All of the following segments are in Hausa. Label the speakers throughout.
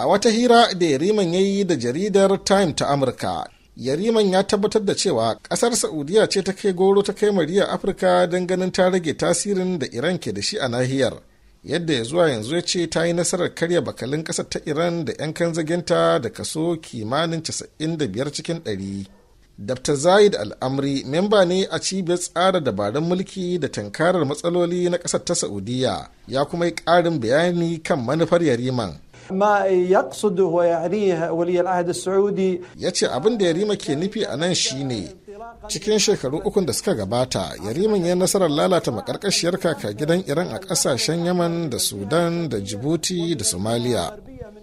Speaker 1: a wata hira da yariman ya yi da jaridar time ta amurka yariman ya tabbatar da cewa ƙasar saudiya ce ta kai goro ta kai mariya afirka don ganin ta rage tasirin da iran ke da shi a nahiyar yadda ya zuwa yanzu ya ce ta yi nasarar karya bakalin ƙasar ta iran da 'yan kanzagenta da kaso kimanin 95 cikin 100 dr zaid al'amri memba ne a cibiyar tsara dabarun mulki da tankarar matsaloli na ƙasar ta saudiya ya kuma yi ƙarin bayani kan manufar yariman ma yaqsudu yace abin da Yarima ke nufi a nan shine cikin shekaru ukun da suka gabata Yariman ya nasarar lalata makarkashiyar kaka gidan Iran a kasashen Yaman da Sudan da Djibouti da Somalia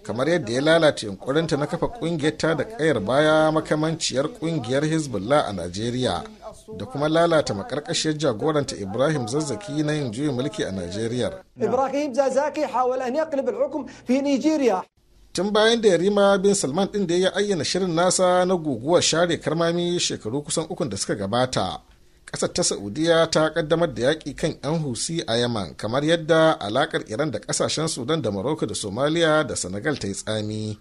Speaker 1: kamar yadda ya lalata yunkurinta na kafa ƙungiyarta da kayar baya makamanciyar ƙungiyar hezbollah a najeriya da kuma lalata makarkashiyar jagoranta ibrahim zazzaki na yin juyin mulki a najeriya ibrahim tun bayan da yarima bin salman din da ya ayyana shirin nasa na guguwar share karmami shekaru kusan ukun da suka gabata ƙasar ta saudiya ta ƙaddamar da yaƙi kan 'yan husi a yaman kamar yadda alaƙar iran da ƙasashen sudan da morocco da somaliya da senegal ta yi tsami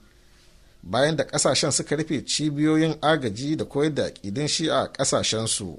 Speaker 1: bayan da ƙasashen suka rufe cibiyoyin agaji da koyar da aƙidin shi'a a su,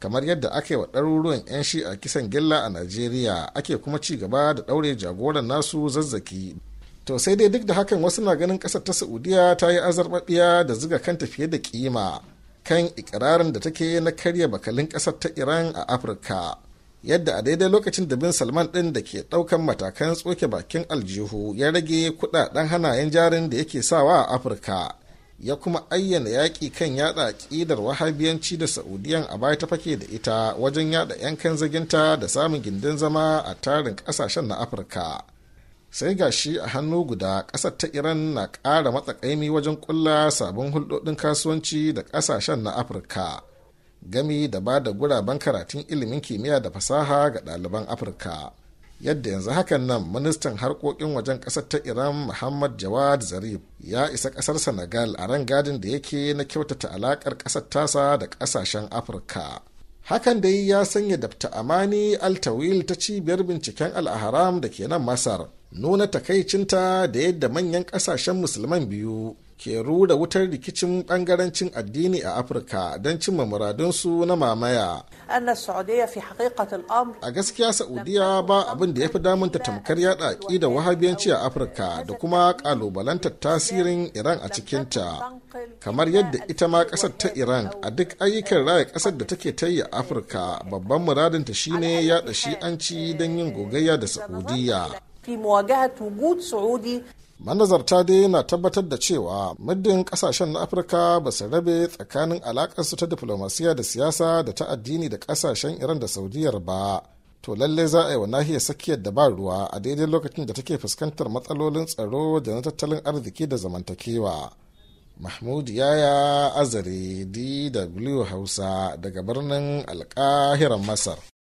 Speaker 1: kamar yadda aka yi wa ɗaruruwan 'yan shi'a kisan gilla a najeriya ake kuma ci gaba da ɗaure jagoran nasu zazzaki to sai dai duk da hakan wasu na ganin ƙasar ta saudiya ta yi azarbaɓiya da ziga kanta fiye da kima kan ikirarin da take na karya bakalin ƙasar ta iran a afirka yadda a daidai lokacin da bin salman ɗin da ke ɗaukan matakan tsoke bakin aljihu ya rage kuɗaɗen hanayen jarin da yake sawa a afirka ya kuma ayyana yaƙi kan yada ƙidar wahabiyanci da saudiyan a baya ta fake da ita wajen yada 'yan kan zaginta da samun gindin zama a tarin ƙasashen na afirka sai ga shi a hannu guda ƙasar ta iran na ƙara matsakaimi wajen ƙulla sabon hulɗoɗin kasuwanci da ƙasashen na afirka gami da ba da guraben karatun ilimin kimiyya da fasaha ga ɗaliban afirka yadda yanzu hakan nan ministan harkokin wajen ƙasar ta iran muhammad jawad zarif ya isa ƙasar senegal a ran gadin da yake na kyautata alaƙar ƙasar tasa da ƙasashen afirka hakan dai ya sanya dabta amani altawil ta cibiyar binciken al'aharam da ke nan masar nuna takaicinta da yadda manyan kasashen musulman biyu ke rura wutar rikicin bangarancin addini a afirka don cimma muradunsu na mamaya a gaskiya saudiya ba abin da ya fi damunta tamkar yada da wahabiyanci a afirka da kuma kalubalantar tasirin iran a cikinta kamar yadda ita ma kasar ta iran a duk ayyukan raya kasar da take ta yi a afirka babban muradinta shine yada shi'anci don yin gogayya da saudiya manazarta dai na tabbatar da cewa muddin kasashen na afirka ba su rabe tsakanin alakarsu ta diflomasiya da siyasa da ta addini da kasashen iran da saudiyar ba to lalle za a yi wa nahiyar tsakiyar da ba ruwa a daidai lokacin da take fuskantar matsalolin tsaro da na tattalin arziki da zamantakewa mahmud yaya azare dw hausa daga birnin alkahiran masar